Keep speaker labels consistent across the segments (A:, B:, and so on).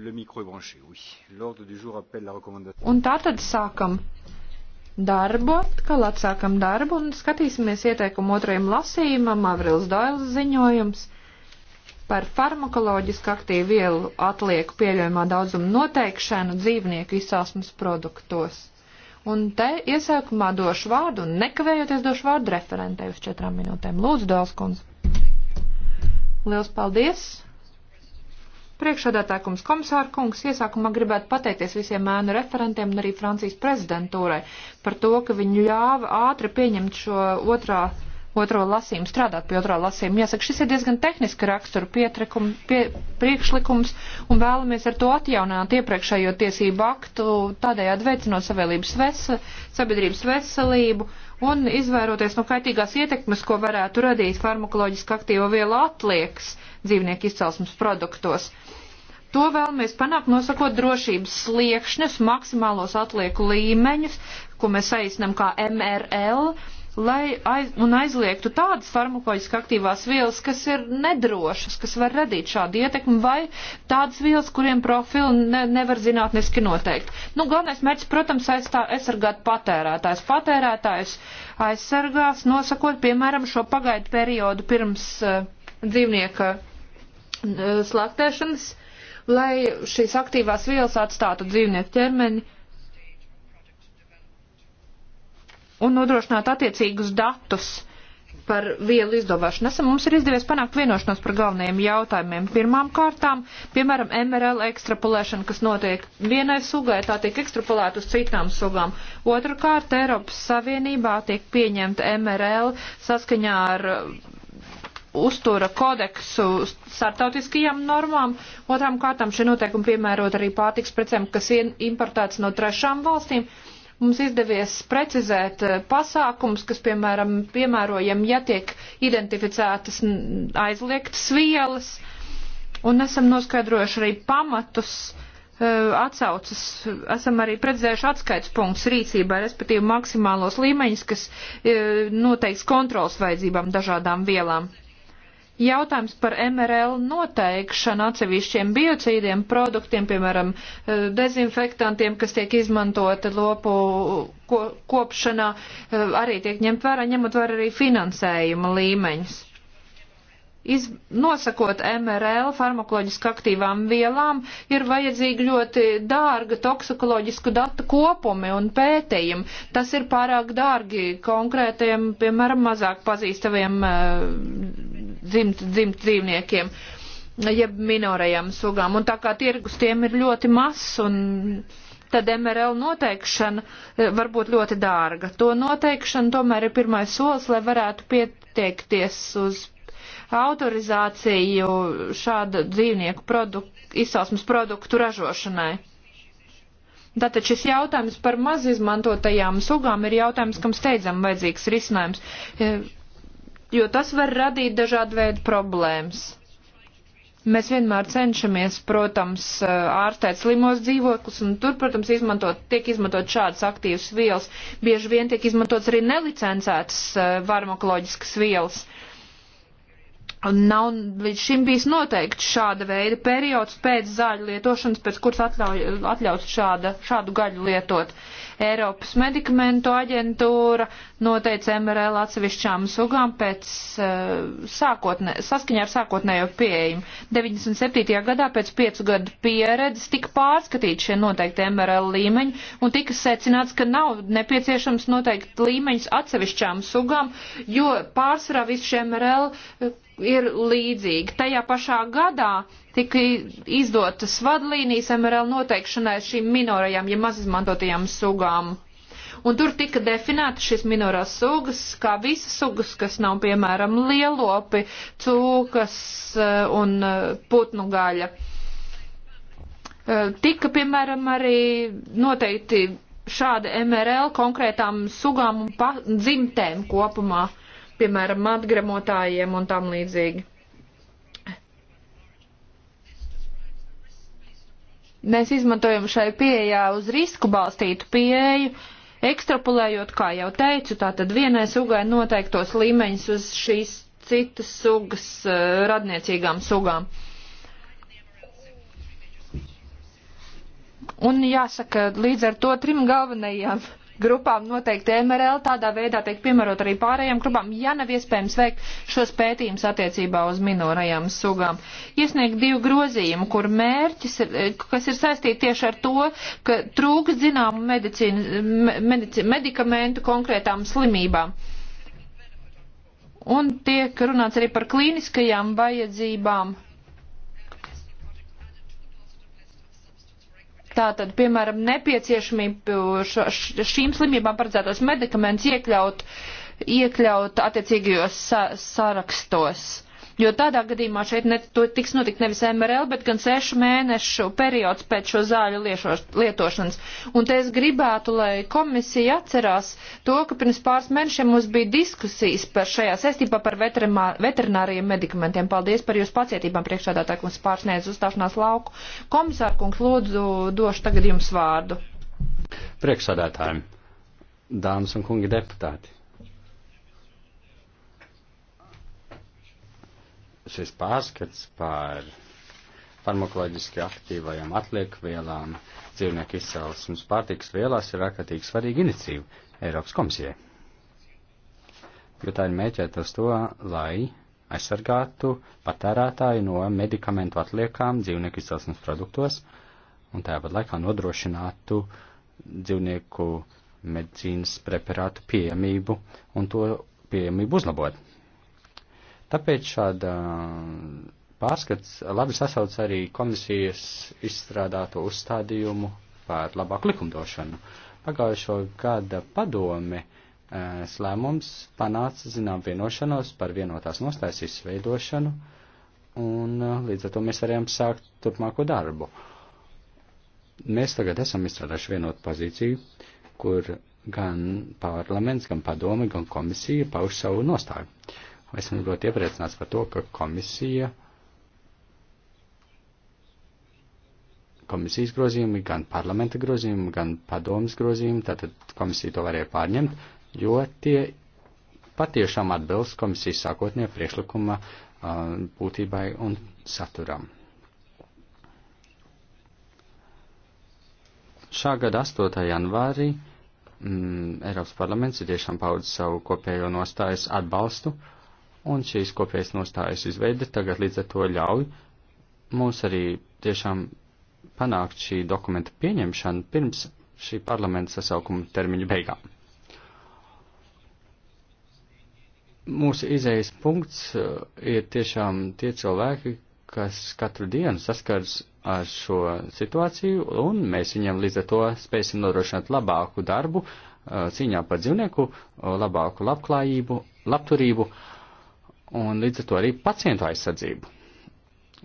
A: Un tā tad
B: sākam darbu, atkal atsākam darbu un skatīsimies ieteikumu otrajam lasījumam, Avrils Doils ziņojums par farmakoloģiski aktīvu vielu atlieku pieļaujamā daudzuma noteikšanu dzīvnieku izsāsmas produktos. Un te iesākumā došu vārdu un nekavējoties došu vārdu referentei uz četrām minūtēm. Lūdzu, Doils kundze. Liels paldies! Priekšādātākums komisāra kungs iesākumā gribētu pateikties visiem ēnu referentiem un arī Francijas prezidentūrai par to, ka viņi ļāva ātri pieņemt šo otrā otro lasījumu, strādāt pie otro lasījumu. Jāsaka, šis ir diezgan tehniski rakstura pie, priekšlikums un vēlamies ar to atjaunāt iepriekšējo tiesību aktu, tādējādi veicinot savielības vesel, sabiedrības veselību un izvairoties no kaitīgās ietekmes, ko varētu radīt farmakoloģiski aktīvo vielu atliekas dzīvnieku izcelsmes produktos. To vēlamies panākt, nosakot drošības sliekšņus, maksimālos atlieku līmeņus, ko mēs saīsinām kā MRL, lai aiz, un aizliegtu tādas farmakoloģiski aktīvās vielas, kas ir nedrošas, kas var radīt šādu ietekmi, vai tādas vielas, kuriem profilu ne, nevar zinātniski noteikt. Nu, galvenais mērķis, protams, aizstā, aizsargāt patērētājs. Patērētājs aizsargās, nosakot, piemēram, šo pagaidu periodu pirms uh, dzīvnieka uh, eh, slaktēšanas, lai šīs aktīvās vielas atstātu dzīvnieku ķermeni un nodrošināt attiecīgus datus par vielu izdomāšanu. Esam mums ir izdevies panākt vienošanos par galvenajiem jautājumiem. Pirmām kārtām, piemēram, MRL ekstrapolēšana, kas notiek vienai sugai, tā tiek ekstrapolēta uz citām sugām. Otrakārt, Eiropas Savienībā tiek pieņemta MRL saskaņā ar uh, uztura kodeksu startautiskajām normām. Otrām kārtām šie noteikumi piemērot arī pārtiks precēm, kas importēts no trešām valstīm. Mums izdevies precizēt eh, pasākums, kas, piemēram, piemērojam, ja tiek identificētas aizliegtas vielas, un esam noskaidrojuši arī pamatus eh, atsaucas, esam arī predzējuši atskaits punktus rīcībā, respektīvi maksimālos līmeņus, kas eh, noteiks kontrols vajadzībām dažādām vielām. Jautājums par MRL noteikšanu atsevišķiem biocīdiem produktiem, piemēram, eh, dezinfektantiem, kas tiek izmantoti lopu ko, kopšanā, eh, arī tiek ņemt vērā, ņemot vērā arī finansējuma līmeņus. Iz, nosakot MRL farmakoloģiski aktīvām vielām, ir vajadzīgi ļoti dārga toksikoloģisku datu kopumi un pētījumi. Tas ir pārāk dārgi konkrētiem, piemēram, mazāk pazīstamiem uh, dzimt, dzimt dzīvniekiem, jeb minorajām sugām. Un tā kā tirgus tiem ir ļoti mazs un tad MRL noteikšana e, var būt ļoti dārga. To noteikšana tomēr ir pirmais solis, lai varētu pieteikties uz autorizāciju šāda dzīvnieku produktu, izcelsmes produktu ražošanai. Tātad šis jautājums par maz izmantotajām sugām ir jautājums, kam steidzam vajadzīgs risinājums. E, jo tas var radīt dažādu veidu problēmas. Mēs vienmēr cenšamies, protams, ārstēt slimos dzīvokļus, un tur, protams, izmantot, tiek izmantot šādas aktīvas vielas. Bieži vien tiek izmantots arī nelicencētas eh, farmakoloģiskas vielas. Uh, Nav līdz šim bijis noteikts šāda veida periods pēc zāļu lietošanas, pēc kuras atļauj, atļauts šāda, šādu gaļu lietot. Eiropas medikamentu aģentūra noteica MRL atsevišķām sugām pēc eh, sākotnē, saskaņā ar sākotnējo pieejumu. 97. gadā pēc piecu gadu pieredzes tika pārskatīti šie noteikti MRL līmeņi un tika secināts, ka nav nepieciešams noteikt līmeņus atsevišķām sugām, jo pārsvarā visi šie MRL eh, ir līdzīga. Tajā pašā gadā tika izdotas vadlīnijas MRL noteikšanai šīm minorajām, ja mazizmantotajām sugām. Un tur tika definēta šīs minorās sugas, kā visas sugas, kas nav, piemēram, lielopi, cūkas eh, un eh, putnu gaļa. Eh, tika, piemēram, arī noteikti šāda MRL konkrētām sugām un dzimtēm kopumā. Uh, piemēram, atgremotājiem un tam līdzīgi. Mēs izmantojam šai pieejā uz risku balstītu pieeju, ekstrapolējot, kā jau teicu, tātad vienai sugai noteiktos līmeņus uz šīs citas sugas eh, radniecīgām sugām. Un jāsaka, līdz ar to trim galvenajām grupām noteikti MRL, tādā veidā tiek piemērot arī pārējām grupām, ja nav iespējams veikt šos pētījumus attiecībā uz minorajām sugām. Iesniegt divu grozījumu, kur mērķis, ir, eh, kas ir saistīti tieši ar to, ka trūks zināmu medicīnu, medici, medikamentu konkrētām slimībām. Un tiek runāts arī par klīniskajām vajadzībām Tātad, piemēram, nepieciešamību šīm slimībām paredzētos medikamentus iekļaut, iekļaut attiecīgajos sa sarakstos jo tādā gadījumā šeit ne, tiks notikt nevis MRL, bet gan sešu mēnešu periods pēc šo zāļu liešoš, lietošanas. Un te es gribētu, lai komisija atcerās to, ka pirms pāris mēnešiem mums bija diskusijas par šajā saistībā par veterināriem medikamentiem. Paldies par jūsu pacietībām priekšādātāju, kungs pārsniedz uzstāšanās lauku. Komisārkungs, lūdzu, došu tagad jums vārdu.
A: Priekšsādātājiem, dāmas un kungi deputāti. šis pārskats par farmakoloģiski aktīvajām atliekvielām dzīvnieku izcelsmes pārtikas vielās ir ārkārtīgi svarīga inicīva Eiropas komisijai. Jo tā ir mēķēta uz to, lai aizsargātu patērētāju no medikamentu atliekām dzīvnieku izcelsmes produktos un tāpat laikā nodrošinātu dzīvnieku medicīnas preparātu pieejamību un to pieejamību uzlabot. Tāpēc šāda um, pārskats labi sasauc arī komisijas izstrādāto uzstādījumu par labāku likumdošanu. Pagājušo gada padome uh, slēmums panāca zinām vienošanos par vienotās nostājas izveidošanu, un uh, līdz ar to mēs varējām sākt turpmāko darbu. Mēs tagad esam izstrādājuši vienotu pozīciju, kur gan parlaments, gan padome, gan komisija pauž savu nostāju. Uh, Esmu ļoti iepriecināts par to, ka komisija, komisijas grozījumi, gan parlamenta grozījumi, gan padomas grozījumi, tātad komisija to varēja pārņemt, jo tie patiešām atbilst komisijas sākotnējā priekšlikuma uh, būtībai un saturam. Šā gada 8. janvārī mm, Eiropas parlaments ir tiešām paudz savu kopējo nostājas atbalstu uh, un šīs kopējas nostājas izveida tagad līdz ar to ļauj mums arī tiešām panākt šī dokumenta pieņemšanu pirms šī parlamenta sasaukuma termiņa beigām. Mūsu izējas punkts uh, ir tiešām tie cilvēki, kas katru dienu saskars ar šo situāciju, un mēs viņam līdz ar to spēsim nodrošināt labāku darbu, uh, cīņā par dzīvnieku, uh, labāku labklājību, labturību. Uh, un līdz ar to arī pacientu aizsardzību.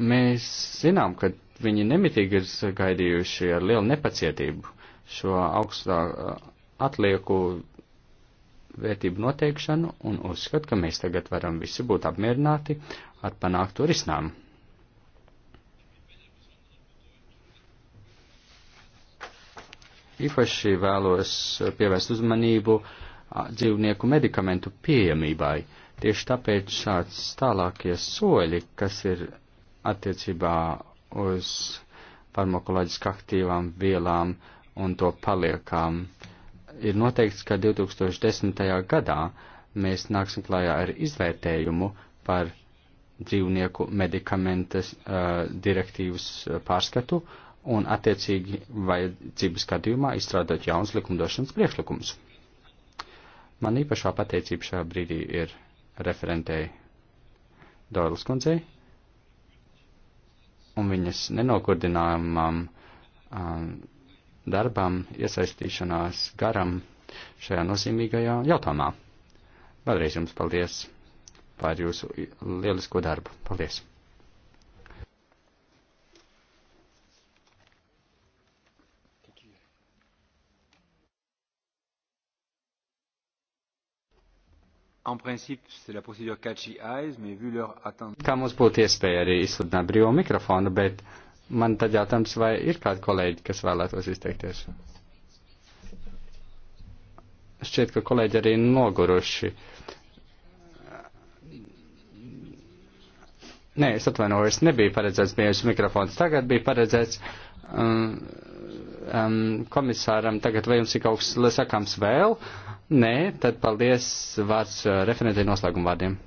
A: Mēs zinām, ka viņi nemitīgi ir gaidījuši ar lielu nepacietību šo augstā uh, atlieku vērtību noteikšanu un uzskat, ka mēs tagad varam visi būt apmierināti ar panāktu risinājumu. Īpaši vēlos pievērst uzmanību uh, dzīvnieku medikamentu pieejamībai, Tieši tāpēc šāds tālākie soļi, kas ir attiecībā uz farmakoloģiski aktīvām vielām un to paliekām, ir noteikts, ka 2010. gadā mēs nāksim klājā ar izvērtējumu par dzīvnieku medikamentas uh, direktīvas eh, pārskatu un attiecīgi vajadzības skatījumā izstrādāt jauns likumdošanas priekšlikums. Man īpašā pateicība šajā brīdī ir referentei Dārlis kundzei un viņas nenokurdināmam um, darbam, iesaistīšanās garam šajā nozīmīgajā jautājumā. Vēlreiz jums paldies par jūsu lielisko darbu. Paldies! En principe, c'est la procédure catchy eyes, mais vu leur attention. Kā mums būtu iespēja arī izsludināt brīvo mikrofonu, bet man tad jautājums, vai ir kādi kolēģi, kas vēlētos izteikties? Šķiet, ka kolēģi arī noguruši. Nē, es atvainojos, nebija paredzēts brīvs mikrofons, tagad bija paredzēts. Um, um, komisāram tagad, vai jums ir kaut kas sakāms vēl? Nē, tad paldies vārds uh, referentei noslēguma vārdiem.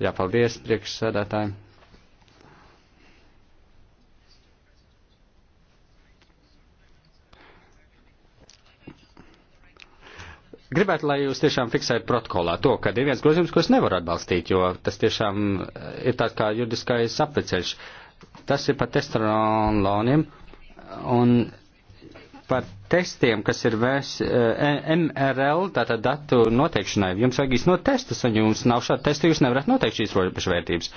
A: Jā, paldies priekšsēdētājiem. Gribētu, lai jūs tiešām fiksētu protokolā to, ka ir viens grozījums, ko es nevaru atbalstīt, jo tas tiešām uh, ir tāds kā juridiskais apveceļš. Tas ir par testosteroniem, un par testiem, kas ir vēs, MRL, eh, tātad datu noteikšanai. Jums vajag iznot testus, un jums nav šāda testa, jūs nevarat noteikt šīs robežvērtības.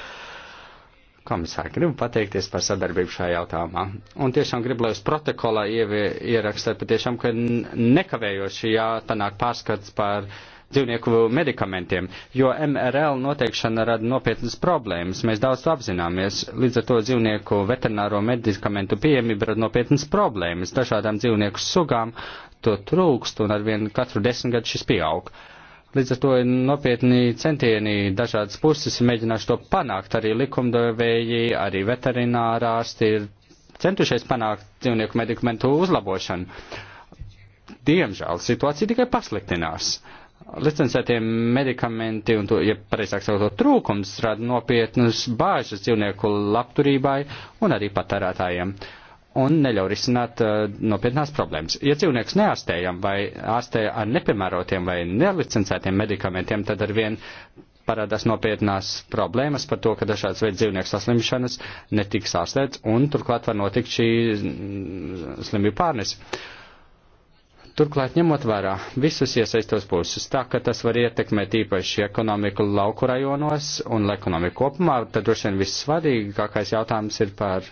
A: Komisāri, gribu pateikties par sadarbību šajā jautājumā. Un tiešām gribu, lai jūs protokolā ierakstat patiešām, ka nekavējoši jātanāk pārskats par uh, dzīvnieku medikamentiem, jo MRL noteikšana rada nopietnas problēmas. Mēs daudz to apzināmies. Līdz ar to dzīvnieku veterināro medikamentu pieejamība rada nopietnas problēmas dažādām dzīvnieku sugām. To trūkst un arvien katru desmitgadu šis pieaug. Līdz ar to ir nopietni centieni dažādas puses mēģināšu to panākt. Arī likumdevēji, arī veterinārārsti ir centušies panākt dzīvnieku medikamentu uzlabošanu. Diemžēl situācija tikai pasliktinās. Uh, licencētie medikamenti un to, ja pareizāk sakot, trūkums rada nopietnas bāžas dzīvnieku labturībai un arī patērētājiem un neļauj risināt uh, nopietnās problēmas. Ja cilvēks neārstējam vai ārstē ar nepiemērotiem vai nelicencētiem medikamentiem, tad ar vien parādās nopietnās problēmas par to, ka dažādas veids dzīvnieku saslimšanas netiks ārstēts un turklāt var notikt šī mm, slimību pārnes. Uh, Turklāt ņemot vērā visus iesaistos puses, tā ka tas var ietekmēt īpaši ekonomiku lauku rajonos un ekonomiku kopumā, tad droši vien vissvarīgākais jautājums ir par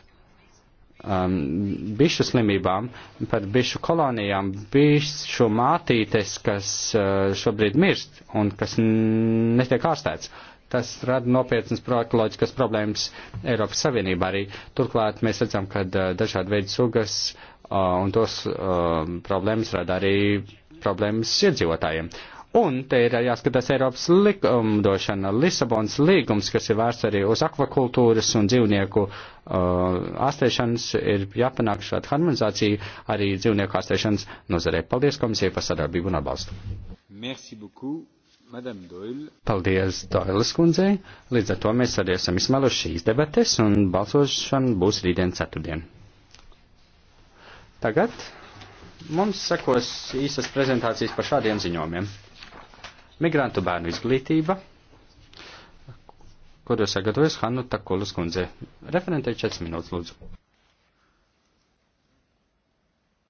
A: um, bišu slimībām, par bišu kolonijām, bišu mātītes, kas uh, šobrīd mirst un kas netiek ārstēts. Tas rada nopietnas proekoloģiskas problēmas Eiropas Savienībā arī. Turklāt mēs redzam, ka uh, dažādi veidi sugas Uh, un tos uh, problēmas rada arī problēmas iedzīvotājiem. Un te ir jāskatās Eiropas likumdošana, Lisabons līgums, kas ir vērsts arī uz akvakultūras un dzīvnieku uh, ārstēšanas, ir jāpanāk šāda harmonizācija arī dzīvnieku ārstēšanas nozarē. Paldies komisijai par sadarbību un atbalstu. Merci beaucoup, Madame Doyle. Paldies Doilas kundzei. Līdz ar to mēs arī esam izsmēluši šīs debates un balsošana būs rītdien ceturtdien. Tagad mums sekos īsas prezentācijas par šādiem ziņojumiem. Migrantu bērnu izglītība, kuru sagatavojas Hannu Takulas kundze. Referentē 4 minūtes, lūdzu.